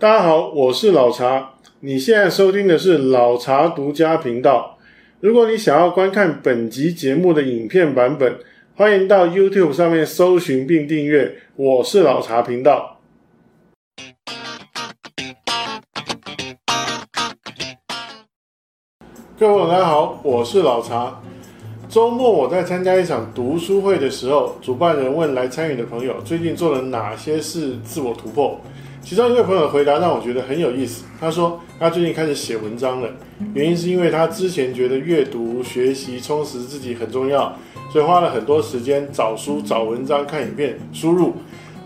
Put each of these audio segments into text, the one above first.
大家好，我是老查。你現在收聽的是老查獨家頻道。如果你想要觀看本集節目的影片版本，歡迎到 YouTube 上面搜尋並訂閱。我是老查頻道。各位大家好，我是老查。週末我在參加一場讀書會的時候，主辦人問來參與的朋友，最近做了哪些事自我突破？其中一個朋友的回答讓我覺得很有意思。他說，他最近開始寫文章了，原因是因為他之前覺得閱讀、學習、充實自己很重要，所以花了很多時間找書、找文章、看影片、輸入。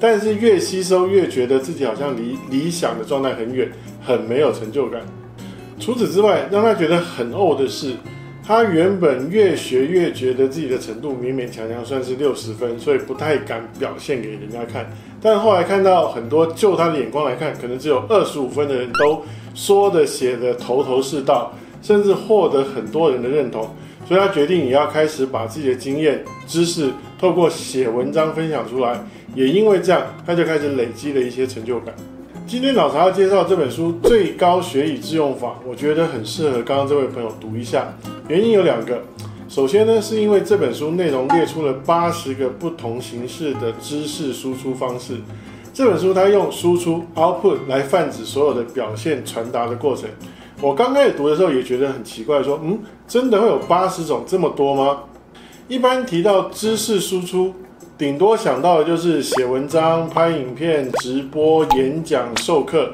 但是越吸收越覺得自己好像離理、理想的狀態很遠，很沒有成就感。除此之外，讓他覺得很嘔的是。他原本越學越覺得自己的程度勉勉強強算是六十分，所以不太敢表現給人家看。但後來看到很多就他的眼光來看，可能只有二十五分的人都說的寫的頭頭是道，甚至獲得很多人的認同，所以他決定也要開始把自己的經驗知識透過寫文章分享出來。也因為這樣，他就開始累積了一些成就感。今天老查要介紹這本書《最高學以致用法》，我覺得很適合剛剛這位朋友讀一下。原因有兩個，首先呢，是因為這本書內容列出了八十個不同形式的知識輸出方式。這本書它用輸出 （output） 來泛指所有的表現傳達的過程。我剛開始讀的時候也覺得很奇怪說，說嗯，真的會有八十種這麼多嗎？一般提到知識輸出。頂多想到的就是寫文章、拍影片、直播、演講、授課。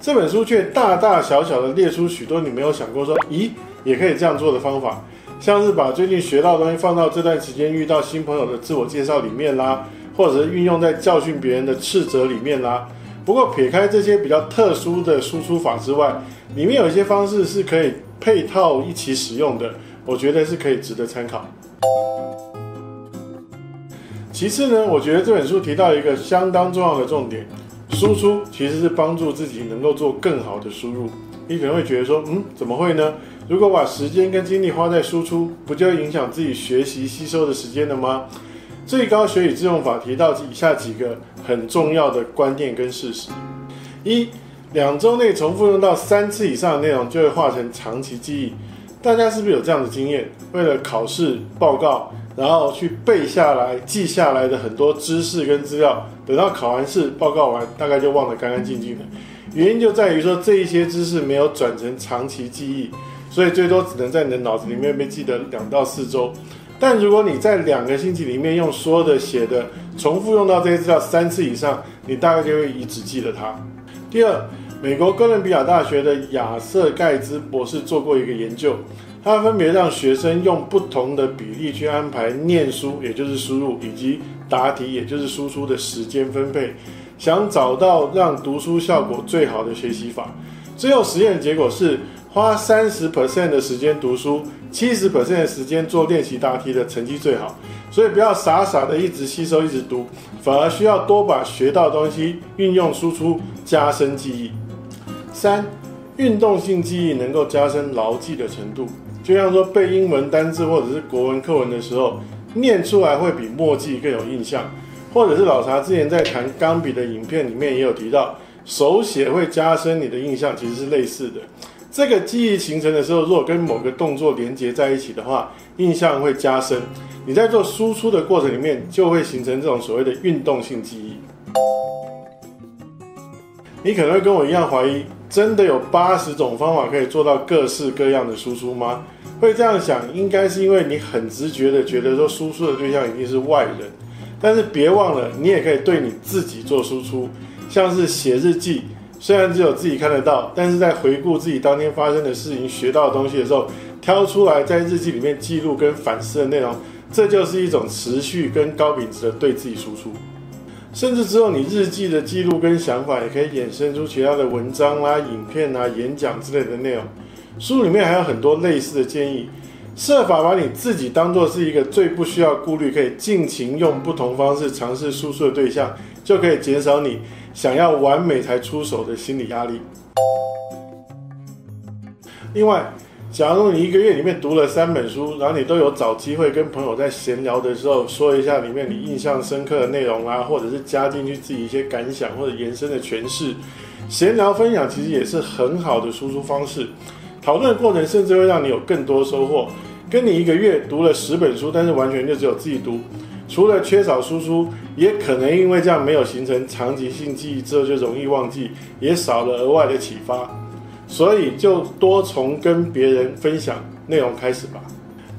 這本書卻大大小小的列出許多你沒有想過說，咦，也可以這樣做的方法，像是把最近學到的東西放到這段時間遇到新朋友的自我介紹裡面啦，或者是運用在教訓別人的斥責裡面啦。不過撇開這些比較特殊的輸出法之外，裡面有一些方式是可以配套一起使用的，我覺得是可以值得參考。其次呢，我覺得這本書提到一個相當重要的重點，輸出其實是幫助自己能夠做更好的輸入。你可能會覺得說，嗯，怎麼會呢？如果把時間跟精力花在輸出，不就影響自己學習吸收的時間了嗎？最高學以致用法提到以下幾個很重要的觀念跟事實：一、兩周內重複用到三次以上的內容，就會化成長期記憶。大家是不是有這樣的經驗？為了考試報告，然後去背下來、記下來的很多知識跟資料，等到考完試、報告完，大概就忘得乾乾淨淨了。原因就在於說，這一些知識沒有轉成長期記憶，所以最多只能在你的腦子裡面被記得兩到四週。但如果你在兩個星期裡面用說的、寫的，重複用到這些資料三次以上，你大概就會一直記得它。第二，美國哥倫比亞大學的亞瑟蓋茨博士做過一個研究，他分別讓學生用不同的比例去安排念書，也就是輸入，以及答題，也就是輸出的時間分配，想找到讓讀書效果最好的學習法。最後實驗的結果是花30，花三十 percent 的時間讀書70，七十 percent 的時間做練習答題的成績最好。所以不要傻傻的一直吸收一直讀，反而需要多把學到的東西運用輸出，加深記憶。三，運動性記憶能夠加深牢記的程度，就像說背英文單字或者是國文課文的時候，念出來會比默記更有印象，或者是老查之前在談鋼筆的影片裡面也有提到，手寫會加深你的印象，其實是類似的。這個記憶形成的時候，如果跟某個動作連接在一起的話，印象會加深。你在做輸出的過程裡面，就會形成這種所謂的運動性記憶。你可能會跟我一樣懷疑。真的有八十種方法可以做到各式各樣的輸出嗎？會這樣想，應該是因為你很直覺的覺得說，輸出的對象一定是外人，但是別忘了，你也可以對你自己做輸出，像是寫日記，雖然只有自己看得到，但是在回顧自己當天發生的事情、學到的東西的時候，挑出來在日記裡面記錄跟反思的內容，這就是一種持續跟高品質的對自己輸出。甚至之後，你日記的記錄跟想法也可以衍生出其他的文章啦、啊、影片啊、演講之類的內容。書裡面還有很多類似的建議，設法把你自己當作是一個最不需要顧慮、可以盡情用不同方式嘗試輸出的對象，就可以減少你想要完美才出手的心理壓力。另外，假如你一個月裡面讀了三本書，然後你都有找機會跟朋友在閒聊的時候說一下裡面你印象深刻的內容啊，或者是加進去自己一些感想或者延伸的詮釋，閒聊分享其實也是很好的輸出方式。討論的過程甚至會讓你有更多收穫。跟你一個月讀了十本書，但是完全就只有自己讀，除了缺少輸出，也可能因為這樣沒有形成長期性記憶，之後就容易忘記，也少了額外的啟發。所以就多從跟別人分享內容開始吧。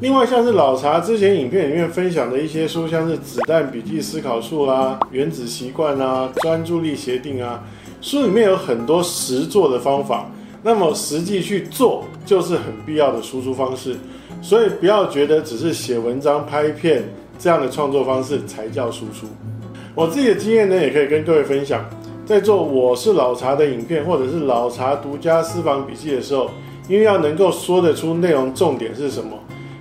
另外，像是老查之前影片裡面分享的一些書，像是《子彈筆記思考術》啊，《原子習慣》啊，《專注力協定》啊，書裡面有很多實作的方法。那麼實際去做就是很必要的輸出方式。所以不要覺得只是寫文章、拍片這樣的創作方式才叫輸出。我自己的經驗呢，也可以跟各位分享。在做我是老查的影片，或者是老查讀家私房筆記的時候，因為要能夠說得出內容重點是什麼，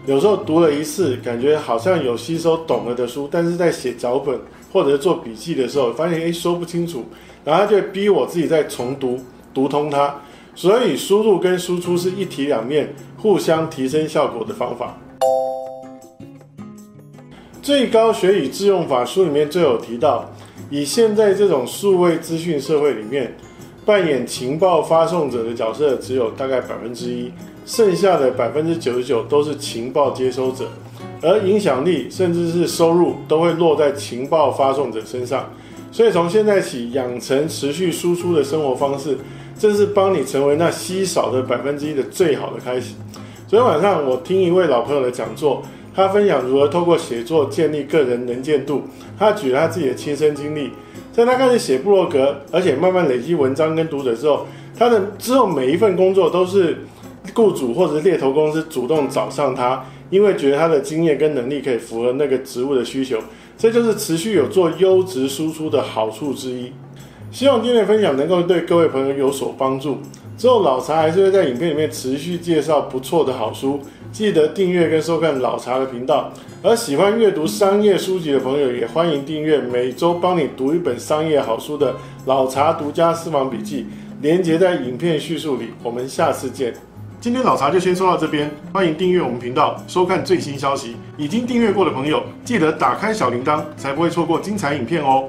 有時候讀了一次，感覺好像有吸收懂了的書，但是在寫腳本或者做筆記的時候，發現誒說不清楚，然後就逼我自己再重讀，讀通它。所以輸入跟輸出是一體兩面，互相提升效果的方法。最高學以致用法書裡面就有提到。以現在這種數位資訊社會裡面，扮演情報發送者的角色只有大概百分之一，剩下的百分之九十九都是情報接收者，而影響力，甚至是收入都會落在情報發送者身上。所以從現在起養成持續輸出的生活方式，正是幫你成為那稀少的百分之一的最好的開始。昨天晚上我聽一位老朋友的講座。他分享，如何透過寫作建立個人能見度。他舉了他自己的親身經歷，在他開始寫部落格，而且慢慢累積文章跟讀者之後，他的之後每一份工作都是雇主或者獵頭公司主動找上他，因為覺得他的經驗跟能力可以符合那個職務的需求。這就是持續有做優質輸出的好處之一。希望今天的分享能夠對各位朋友有所幫助。之後老查還是會在影片裡面持續介紹不錯的好書。記得訂閱跟收看老查的頻道，而喜歡閱讀商業書籍的朋友也歡迎訂閱每周幫你讀一本商業好書的老查讀家私房筆記，連結在影片敘述裡。我們下次見。今天老查就先說到這邊，歡迎訂閱我們頻道，收看最新消息。已經訂閱過的朋友，記得打開小鈴鐺，才不會錯過精彩影片哦。